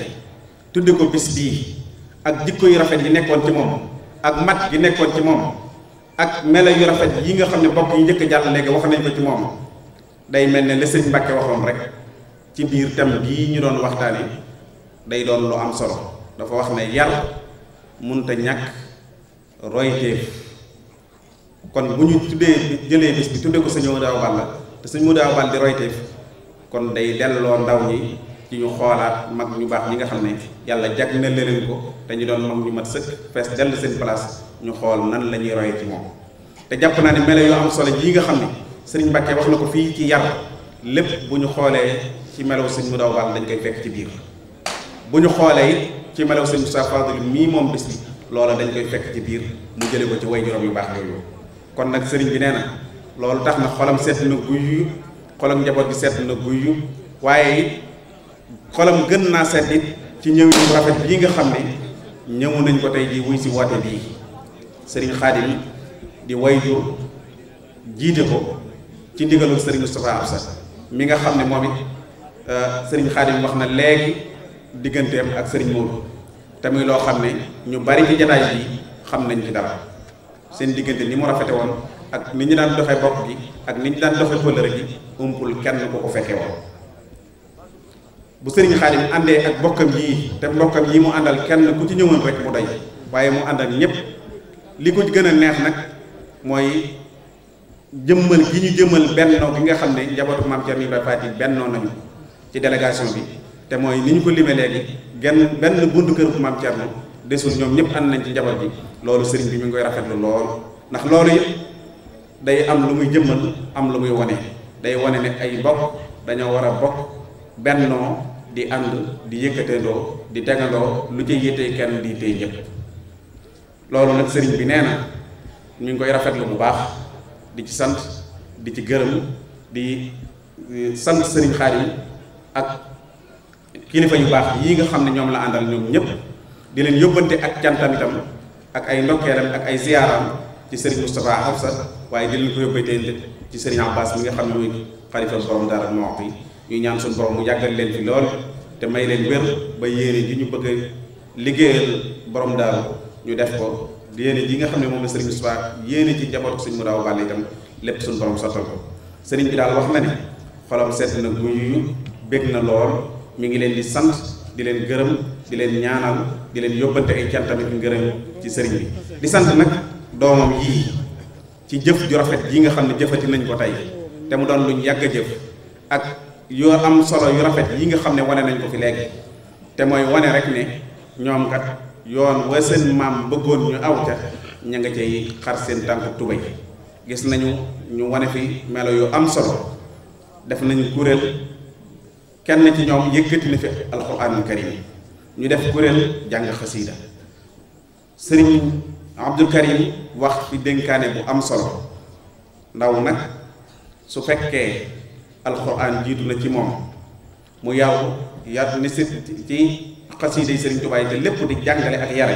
tudde ko bis bii ak dikko yu rafet yi nekkoon ci moom ak mat gi nekkoon ci moom ak melo yu rafet yi nga xam ne bokk yi njëkk jàll léegi wax nañ ko ci moom day mel ne la sëñ Mbàkke waxoon rek ci biir thème bii ñu doon waxtaan waxtaane day doon lu am solo dafa wax ne yar munta ñàkk royteef kon bu ñu tuddee jëlee bis bi tuddee ko sëñ Modou Awa Balla te sëñ Modou Awa Balla di royteef kon day delloo ndaw ñi ci ñu xoolaat mag ñu baax ñi nga xam ne yàlla jag na leen ko te ñu doon mag ñu mat sëkk fees dell seen place ñu xool nan la ñuy royee ci moom te jàpp naa ne melo yu am solo yi nga xam ne sëriñ Mbàkke wax na ko fii ci yar lépp bu ñu xoolee ci melo sëñ Modou Awa Balla dañ koy fekk ci biir bu ñu xoolee it ci melaw sëñ Moussa Fadil mii moom bis bi dañ koy fekk ci biir mu jële ko ci way juróom yu baax yooyu kon nag sëriñ bi nee na loolu tax na xolam sedd na guyyu njaboot bi sedd na guyyu waaye it gën naa sedd it ci ñëw yu rafet nga xam ne ñëwu nañ ko tey ji si woote bii sëriñ Xaadim di way jur jiite ko ci ndigalul sëriñ Moustapha Absa mi nga xam ne moom it euh, sëriñ Xaadim wax na léegi digganteem ak sëriñ Moodu te muy loo xam ne ñu bari ci jataay bi xam nañ ci dara seen diggante ni mu rafete woon ak ni ñu daan doxe bokk gi ak ni ñu daan doxe pëlëre gi umpul kenn ku ko fekke woon bu sëriñ Xaadim àndee ak bokkam yii te mbokkam yii mu àndal kenn ku ci ñëwoon rek mu doy waaye mu àndal ñëpp li ko gën a neex nag mooy jëmmal gi ñu jëmmal bennoo gi nga xam ne njabootu maam Cerno Ibrahima benn bennoo nañu ci délégation bi te mooy ni ñu ko limee léegi genn benn buntu kër bu maam Thierno desul ñoom ñëpp ànd nañ ci njaboot ji loolu sëriñ bi mi ngi koy rafetlu lool ndax loolu it day am lu muy jëmmal am lu muy wane day wane ne ay bokk dañoo war a bokk bennoo di ànd di yëkkateendoo di tegandoo lu ci yéete kenn di tey ñëpp loolu nag sëriñ bi nee na ñu ngi koy rafetlu bu baax di ci sant di ci gërëm di eh, sant sëriñ xaar ak. kilifa yu baax yii nga xam ne ñoom la àndal ñoom ñëpp di leen yóbbante ak cantam itam ak ay ndokkeelam ak ay ziyaaram ci sëriñ Moustapha Hafsa waaye di leen ci sëriñ Abbas mi nga xam ne mooy xarifal borom daara Mawaqi ñaan suñu borom mu yàggal leen fi lool te may leen wér ba yéene ji ñu bëgg a liggéeyal borom daara ñu def ko yéene ji nga xam ne moom la sëriñ Moustapha yéene ci njaboot suñ mu daaw bàlle itam lépp suñ borom sottal ko sëriñ bi daal wax na ne xolam sedd na guy bég na lool mu ngi leen di sant di leen gërëm di leen ñaanal di leen yóbbante ay cantam ak ngërëm ci sëriñ bi di sant nag doomam yii ci jëf ju rafet yi nga xam ne jëfati nañ ko tey te mu doon luñ yàgg a jëf ak yoo am solo yu rafet yi nga xam ne wane nañ ko fi lekk te mooy wane rek ne ñoom kat yoon wa seen maam bëggoon ñu aw ca ña nga cay xar seen tànk tubay gis nañu ñu wane fi melo yu am solo def nañu kuréel kenn ci ñoom yëkkati na fi alxuraanul karim ñu def kuréel jàng xasiida sëriñ Abdul Karim wax ci dénkaane bu am solo ndaw nag su fekkee alxuraan jiitu na ci moom mu yàw yar ne si ci xasiida yi sëriñ Tuubaa te lépp di jàngale ak yare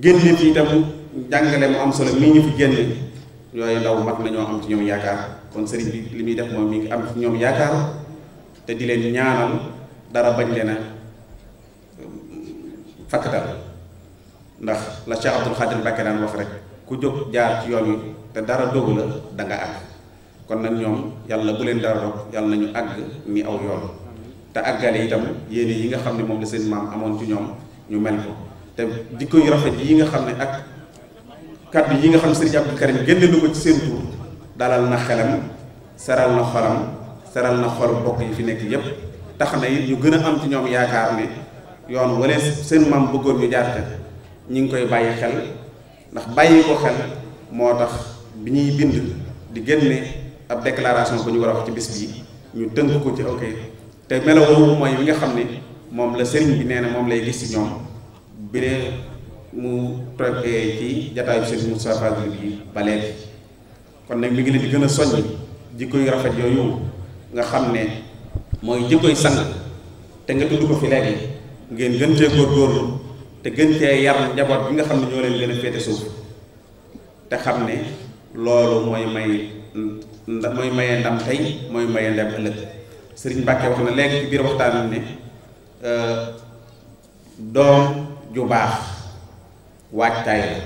génne fi itam jàngale mu am solo mi ñu fi génne yooyu ndaw mag nañoo am ci ñoom yaakaar kon sëriñ bi li muy def moom mi ngi am ñoom yaakaar te di leen ñaanal dara bañ leen a um, fakkatal ndax la Cheikh Abdoul Khadir Mbacké daan wax rek ku jóg jaar ci yoon wi te dara dogu la danga nga kon nag ñoom yàlla bu leen dara rog yàlla ñu àgg ni aw yoon te àggale itam yéene yi nga xam ne moom la seen maam amoon ci ñoom ñu mel ko te jikko yu rafet yi nga xam ne ak kàddu yi nga xam ne sëriñ Abdou Karim génne na ko ci seen tur dalal na xelam seral na xolam seral na xol mbokk yi fi nekk yépp tax na it ñu gën a am ci ñoom yaakaar ne yoon wala seen maam bëggoon ñu jaar ñu ngi koy bàyyi xel ndax bàyyi ko xel moo tax bi ñuy bind di génne ab déclaration bu ñu war a wax ci bis bii ñu tënk ko ci ok te melo woowu mooy bi nga xam ne moom la sëriñ bi nee na moom lay gis ci ñoom bi ne mu toppee ci jataayu sëriñ Moustapha bi ba léegi kon nag mi ngi leen di gën a soññ jikko yu rafet yooyu nga xam ne mooy jikkoy sang te nga tudd ko fi léegi ngeen gën cee góorgóorlu te gën cee yar njaboot bi nga xam ne ñoo leen leen a féete suuf te xam ne loolu mooy may mooy maye ndam tey mooy maye ndam ëllëg sëriñ Mbàkke wax na léegi ci biir waxtaan ne euh, doom ju baax waajtaay la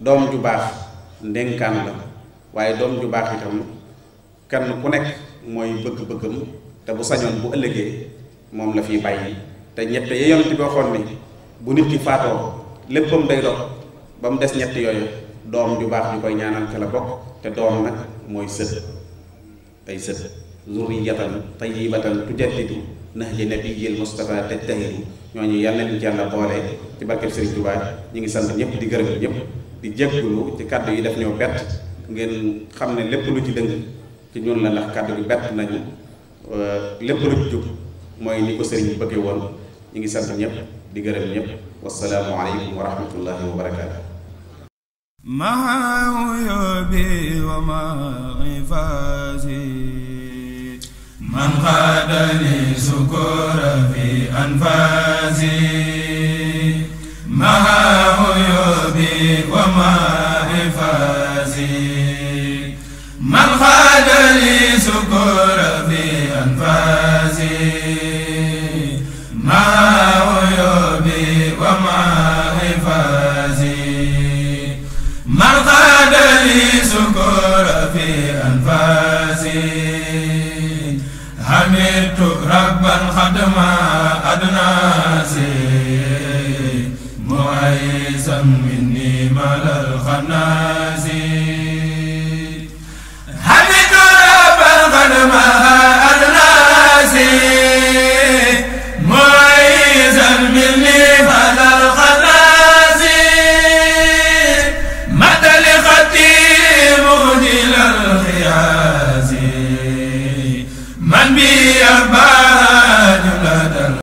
doom ju baax ndénkaan la waaye doom ju baax itam kan ku nekk mooy bëgg-bëggam te bu sañoon bu ëllëgee moom la fiy bàyyi te ñett ya yonent bi waxoon ni bu nit ki faatoo léppam day dog ba mu des ñett yooyu doom ju baax ñu koy ñaanal ca la bokk te doom nag mooy sët ay sët zurriyatan tayyibatan tujaddidu nahji nabiyyil Mustafa tajtahidu ñooñu yàlla nañu ñu yàlla boole ci barkeb Sëriñ Tuubaa ñu ngi sant ñëpp di gërëm ñëpp di jéggulu ci kàddu yi def ñëw bett ngeen xam ne lépp lu ci dëng ci ñun la ndax kàddu gi bett nañu euh, lépp lu ci jub mooy ni ko sëriñ bëgge woon ñu ngi sant ñëpp di gërëm ñëpp wassalaamu aleykum wa wa barakaatu maa uyubi wa maa ifaasi man qaadani sukura fi anfaasi maa wa maa ifaasi ربا خدما أدناسي معيسا مني مال الخناسي حمد ربا خدما أدناسي